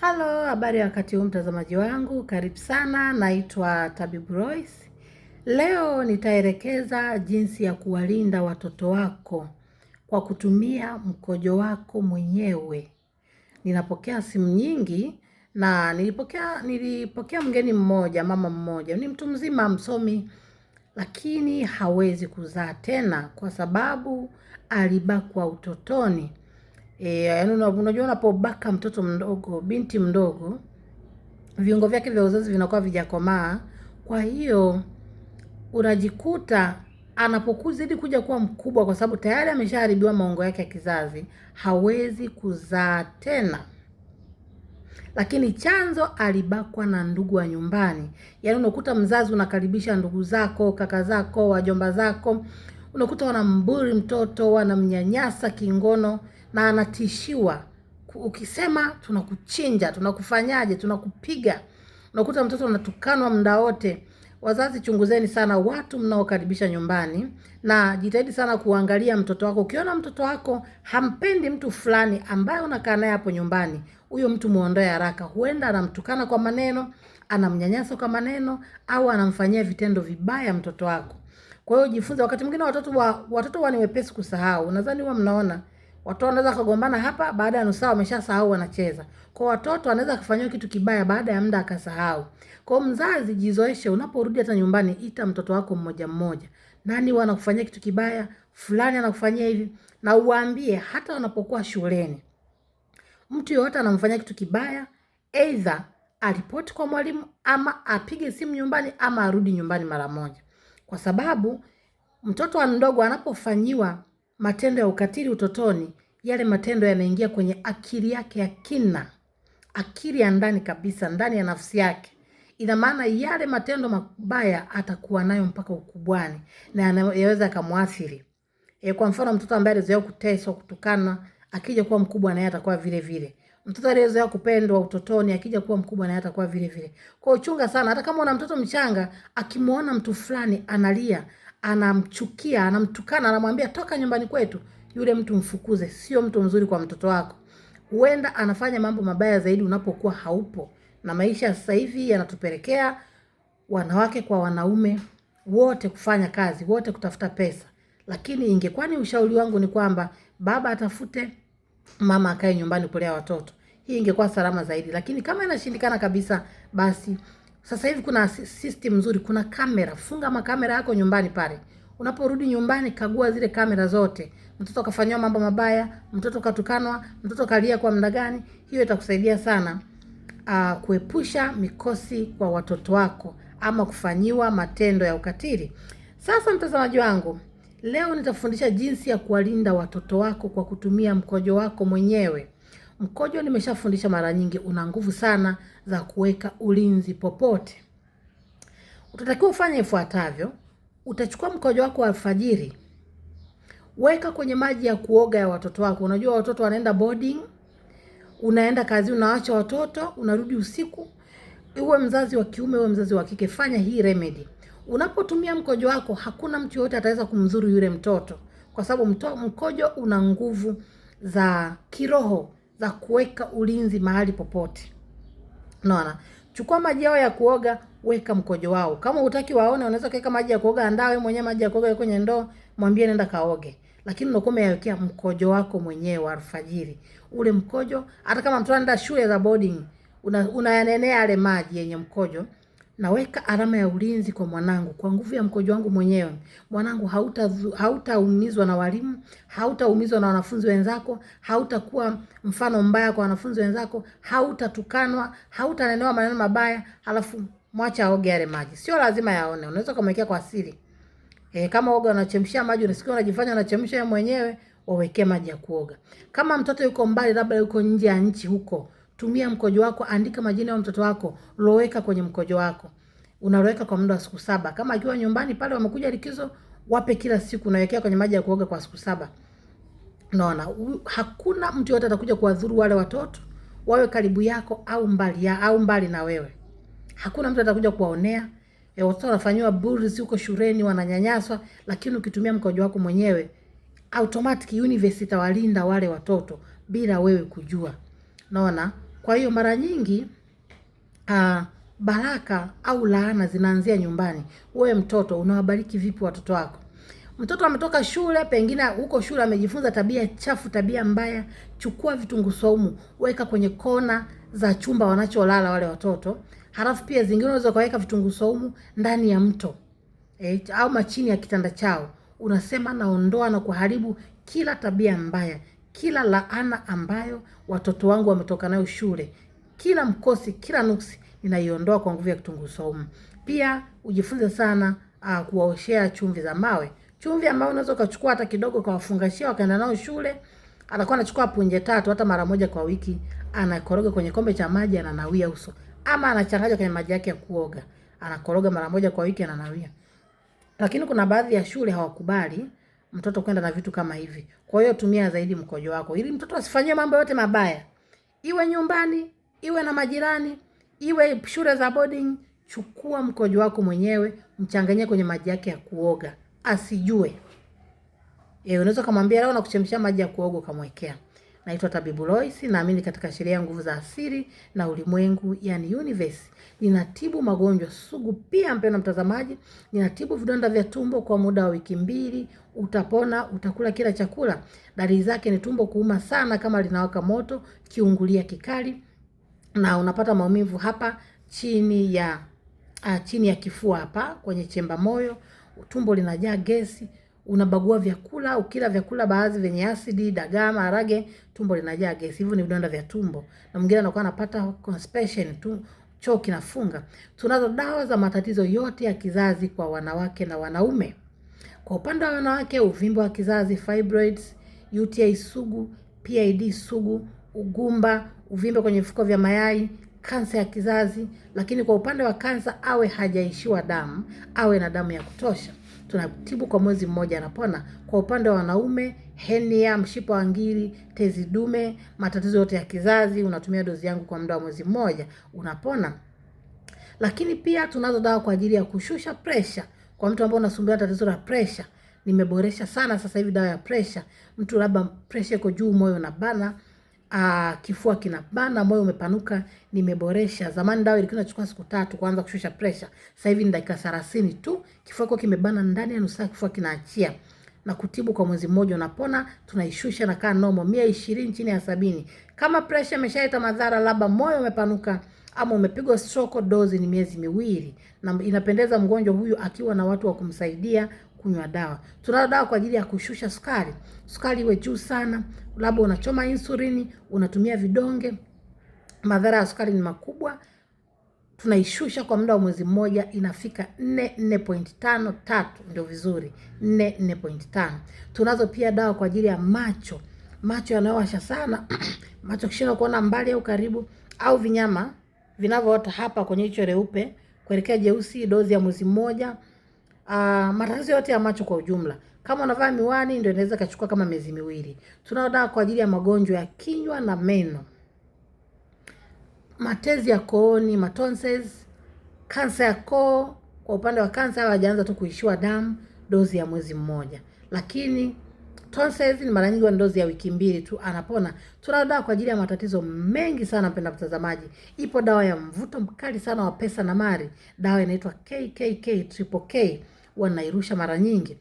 Halo, habari ya wakati huu mtazamaji wangu, karibu sana. Naitwa Tabibu Royce. Leo nitaelekeza jinsi ya kuwalinda watoto wako kwa kutumia mkojo wako mwenyewe. Ninapokea simu nyingi na nilipokea nilipokea mgeni mmoja, mama mmoja, ni mtu mzima, msomi, lakini hawezi kuzaa tena kwa sababu alibakwa utotoni Eh, yaani unajua unapobaka mtoto mdogo, binti mdogo, viungo vyake vya uzazi vinakuwa vijakomaa, kwa hiyo unajikuta anapokuzidi kuja kuwa mkubwa, kwa sababu tayari ameshaharibiwa maungo yake ya kizazi, hawezi kuzaa tena. Lakini chanzo alibakwa na ndugu wa nyumbani. Yaani unakuta mzazi unakaribisha ndugu zako, kaka zako, wajomba zako, unakuta wanamburi mtoto, wanamnyanyasa kingono, na anatishiwa, ukisema tunakuchinja, tunakufanyaje, tunakupiga. Unakuta mtoto anatukanwa muda wote. Wazazi, chunguzeni sana watu mnaokaribisha nyumbani, na jitahidi sana kuangalia mtoto wako. Ukiona mtoto wako hampendi mtu fulani ambaye unakaa naye hapo nyumbani, huyo mtu muondoe haraka. Huenda anamtukana kwa maneno, anamnyanyasa kwa maneno, au anamfanyia vitendo vibaya mtoto wako. Kwa hiyo jifunze. Wakati mwingine watoto wa, watoto huwa ni wepesi kusahau, nadhani huwa mnaona Watoto wanaweza kugombana hapa, baada ya nusu saa wameshasahau wanacheza. Kwa watoto wanaweza kufanyiwa kitu kibaya, baada ya muda akasahau. Kwa mzazi, jizoeshe, unaporudi hata nyumbani, ita mtoto wako mmoja mmoja, nani wanakufanyia kitu kibaya, fulani anakufanyia hivi, na uambie. hata wanapokuwa shuleni, mtu yoyote anamfanyia kitu kibaya, aidha aripoti kwa mwalimu ama apige simu nyumbani ama arudi nyumbani mara moja, kwa sababu mtoto mdogo anapofanyiwa matendo ya ukatili utotoni, yale matendo yanaingia kwenye akili yake ya kina, akili ya ndani kabisa, ndani ya nafsi yake. Ina maana yale matendo mabaya atakuwa nayo mpaka ukubwani na yanaweza akamwathiri. E, kwa mfano mtoto ambaye alizoea kuteswa, kutukana, akija kuwa mkubwa naye atakuwa vile vile. Mtoto aliyezoea kupendwa utotoni, akija kuwa mkubwa naye atakuwa vile vile. Kwa uchunga sana, hata kama una mtoto mchanga, akimwona mtu fulani analia anamchukia, anamtukana, anamwambia toka nyumbani kwetu, yule mtu mfukuze, sio mtu mzuri kwa mtoto wako. Huenda anafanya mambo mabaya zaidi unapokuwa haupo. Na maisha sasa hivi yanatupelekea wanawake kwa wanaume wote kufanya kazi, wote kutafuta pesa. Lakini ingekuwa ni ushauri wangu ni kwamba baba atafute, mama akae nyumbani kulea watoto. Hii ingekuwa salama zaidi, lakini kama inashindikana kabisa, basi sasa hivi kuna system nzuri, kuna kamera. Funga makamera yako nyumbani pale, unaporudi nyumbani kagua zile kamera zote. Mtoto kafanyiwa mambo mabaya, mtoto katukanwa, mtoto kalia kwa muda gani? Hiyo itakusaidia sana uh, kuepusha mikosi kwa watoto wako ama kufanyiwa matendo ya ukatili. Sasa mtazamaji wangu, leo nitafundisha jinsi ya kuwalinda watoto wako kwa kutumia mkojo wako mwenyewe. Mkojo, nimeshafundisha mara nyingi, una nguvu sana za kuweka ulinzi popote. Utatakiwa ufanye ifuatavyo: utachukua mkojo wako wa alfajiri, weka kwenye maji ya kuoga ya watoto wako. Unajua watoto wanaenda boarding, unaenda kazi, unawacha watoto, unarudi usiku. Iwe mzazi wa kiume, iwe mzazi wa kike, fanya hii remedy. Unapotumia mkojo wako, hakuna mtu yoyote ataweza kumzuru yule mtoto, kwa sababu mkojo una nguvu za kiroho za kuweka ulinzi mahali popote. Unaona? Chukua maji yao ya kuoga, weka mkojo wao. Kama hutaki waone, unaweza kuweka maji ya kuoga, andaa wewe mwenyewe maji ya kuoga kwenye ndoo, mwambie nenda kaoge. Lakini unakuwa umeyawekea mkojo wako mwenyewe wa alfajiri. Ule mkojo hata kama mtu anaenda shule za boarding, unayanenea una yale maji yenye mkojo naweka alama ya ulinzi kwa mwanangu kwa nguvu ya mkojo wangu mwenyewe. Mwanangu hautaumizwa hauta na walimu, hautaumizwa na wanafunzi wenzako, hautakuwa mfano mbaya kwa wanafunzi wenzako, hautatukanwa, hautanenewa maneno mabaya, halafu mwacha aoge yale maji. Sio lazima yaone, unaweza kumwekea kwa asili. E, kama oga unachemshia maji unasikia unajifanya unachemsha mwenyewe, wawekee maji ya kuoga. Kama mtoto yuko mbali, labda yuko nje ya nchi huko, tumia mkojo wako, andika majina ya mtoto wako, loweka kwenye mkojo wako, unaloweka kwa muda wa siku saba. Kama akiwa nyumbani pale, wamekuja likizo, wape kila siku, unawekea kwenye maji ya kuoga kwa siku saba. Naona hakuna mtu yote atakuja kuwadhuru wale watoto, wawe karibu yako au mbali ya, au mbali na wewe. Hakuna mtu atakuja kuwaonea. E, watoto wanafanyiwa bullies huko shuleni, wananyanyaswa, lakini ukitumia mkojo wako mwenyewe automatic universe itawalinda wale watoto bila wewe kujua. Naona kwa hiyo mara nyingi uh, baraka au laana zinaanzia nyumbani. Wewe mtoto unawabariki vipi watoto wako? Mtoto ametoka shule, pengine huko shule amejifunza tabia chafu, tabia mbaya. Chukua vitunguu saumu, weka kwenye kona za chumba wanacholala wale watoto. Halafu pia zingine unaweza kuweka vitunguu saumu ndani ya mto e, au machini ya kitanda chao. Unasema naondoa na kuharibu kila tabia mbaya kila laana ambayo watoto wangu wametoka nayo shule, kila mkosi, kila nuksi ninaiondoa kwa nguvu ya kitunguu saumu. Pia ujifunze sana uh, kuwaoshea chumvi za mawe, chumvi ambayo unaweza ukachukua hata kidogo ukawafungashia wakaenda nao shule. Anakuwa anachukua punje tatu hata mara moja kwa wiki, anakoroga kwenye kombe cha maji, ananawia uso ama anachanganya kwenye maji yake ya kuoga, anakoroga mara moja kwa wiki, ananawia. Lakini kuna baadhi ya shule hawakubali mtoto kwenda na vitu kama hivi. Kwa hiyo tumia zaidi mkojo wako ili mtoto asifanyie mambo yote mabaya, iwe nyumbani, iwe na majirani, iwe shule za boarding. Chukua mkojo wako mwenyewe, mchanganyie kwenye maji yake ya kuoga asijue. Eh, unaweza kumwambia leo nakuchemshia maji ya kuoga ukamwekea. Naitwa Tabibu Loisi, naamini katika sheria ya nguvu za asili na ulimwengu, yani universe. Ninatibu magonjwa sugu pia, mpendwa mtazamaji, ninatibu vidonda vya tumbo kwa muda wa wiki mbili. Utapona, utakula kila chakula. Dalili zake ni tumbo kuuma sana kama linawaka moto, kiungulia kikali, na unapata maumivu hapa chini ya a, ah, chini ya kifua hapa kwenye chemba moyo, tumbo linajaa gesi unabagua vyakula, ukila vyakula baadhi vyenye asidi, dagaa, maharage, tumbo linajaa gesi. Hivyo ni vidonda vya tumbo, na mwingine anakuwa anapata constipation tu, choo kinafunga. Tunazo dawa za matatizo yote ya kizazi kwa wanawake na wanaume. Kwa upande wa wanawake, uvimbo wa kizazi, fibroids, UTI sugu, PID sugu, ugumba, uvimbe kwenye vifuko vya mayai, kansa ya kizazi. Lakini kwa upande wa kansa, awe hajaishiwa damu, awe na damu ya kutosha tunatibu kwa mwezi mmoja anapona. Kwa upande wa wanaume, henia mshipa wa ngiri, tezi dume, matatizo yote ya kizazi, unatumia dozi yangu kwa muda wa mwezi mmoja unapona. Lakini pia tunazo dawa kwa ajili ya kushusha presha. Kwa mtu ambaye unasumbua tatizo la presha, nimeboresha sana sasa hivi dawa ya presha. Mtu labda presha iko juu, moyo unabana, Ah, kifua kinabana, moyo umepanuka, nimeboresha. Zamani dawa ilikuwa inachukua siku tatu kuanza kushusha presha, sasa hivi ni dakika 30 tu. Kifua kiko kimebana, ndani ya nusu saa kifua kinaachia na kutibu kwa mwezi mmoja unapona, tunaishusha na kaa nomo mia ishirini chini ya sabini. Kama presha imeshaleta madhara, labda moyo umepanuka ama umepigwa stroke, dozi ni miezi miwili, na inapendeza mgonjwa huyu akiwa na watu wa kumsaidia kunywa dawa. Tunao dawa kwa ajili ya kushusha sukari, sukari iwe juu sana, labda unachoma insulini, unatumia vidonge. Madhara ya sukari ni makubwa. Tunaishusha kwa muda wa mwezi mmoja, inafika 4.5 tatu ndio vizuri, 4.5. Tunazo pia dawa kwa ajili ya macho, macho yanayowasha sana macho kishindwa kuona mbali au karibu, au vinyama vinavyoota hapa kwenye hicho leupe kuelekea jeusi, dozi ya mwezi mmoja uh, ah, matatizo yote ya macho kwa ujumla. Kama unavaa miwani ndio inaweza kachukua kama miezi miwili. Tunao dawa kwa ajili ya magonjwa ya kinywa na meno, matezi ya kooni, matonses, kansa ya koo. Kwa upande wa kansa, hawajaanza tu kuishiwa damu, dozi ya mwezi mmoja, lakini tonsils ni mara nyingi ni dozi ya wiki mbili tu anapona. Tunao dawa kwa ajili ya matatizo mengi sana, mpenda mtazamaji. Ipo dawa ya mvuto mkali sana wa pesa na mali, dawa inaitwa KKK Triple K huwa nairusha mara nyingi.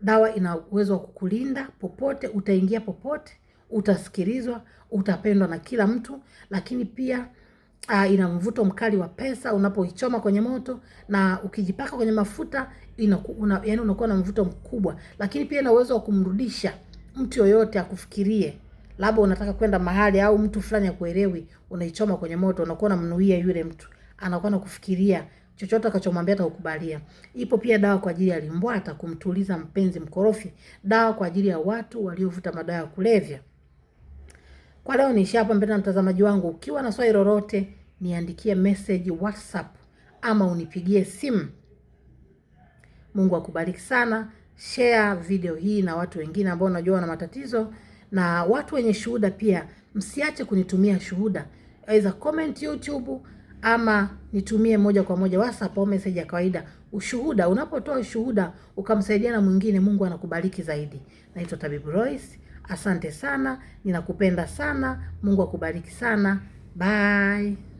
Dawa ina uwezo wa kukulinda popote, utaingia popote, utasikilizwa, utapendwa na kila mtu, lakini pia uh, ina mvuto mkali wa pesa unapoichoma kwenye moto na ukijipaka kwenye mafuta ina, una, yani unakuwa na mvuto mkubwa, lakini pia ina uwezo wa kumrudisha mtu yoyote akufikirie labda unataka kwenda mahali au mtu fulani akuelewi, unaichoma kwenye moto, unakuwa unamnuia yule mtu, anakuwa na kufikiria chochote akachomwambia atakukubalia. Ipo pia dawa kwa ajili ya limbwata kumtuliza mpenzi mkorofi, dawa kwa ajili ya watu waliovuta madawa ya kulevya. Kwa leo niishia hapa, mpenda mtazamaji wangu, ukiwa na swali lolote niandikie message WhatsApp ama unipigie simu. Mungu akubariki sana. Share video hii na watu wengine ambao unajua wana matatizo na watu wenye shuhuda pia, msiache kunitumia shuhuda, aidha comment YouTube ama nitumie moja kwa moja WhatsApp au message ya kawaida. Ushuhuda, unapotoa ushuhuda ukamsaidia na mwingine, Mungu anakubariki zaidi. Naitwa Tabibu Royce, asante sana, ninakupenda sana, Mungu akubariki sana, bye.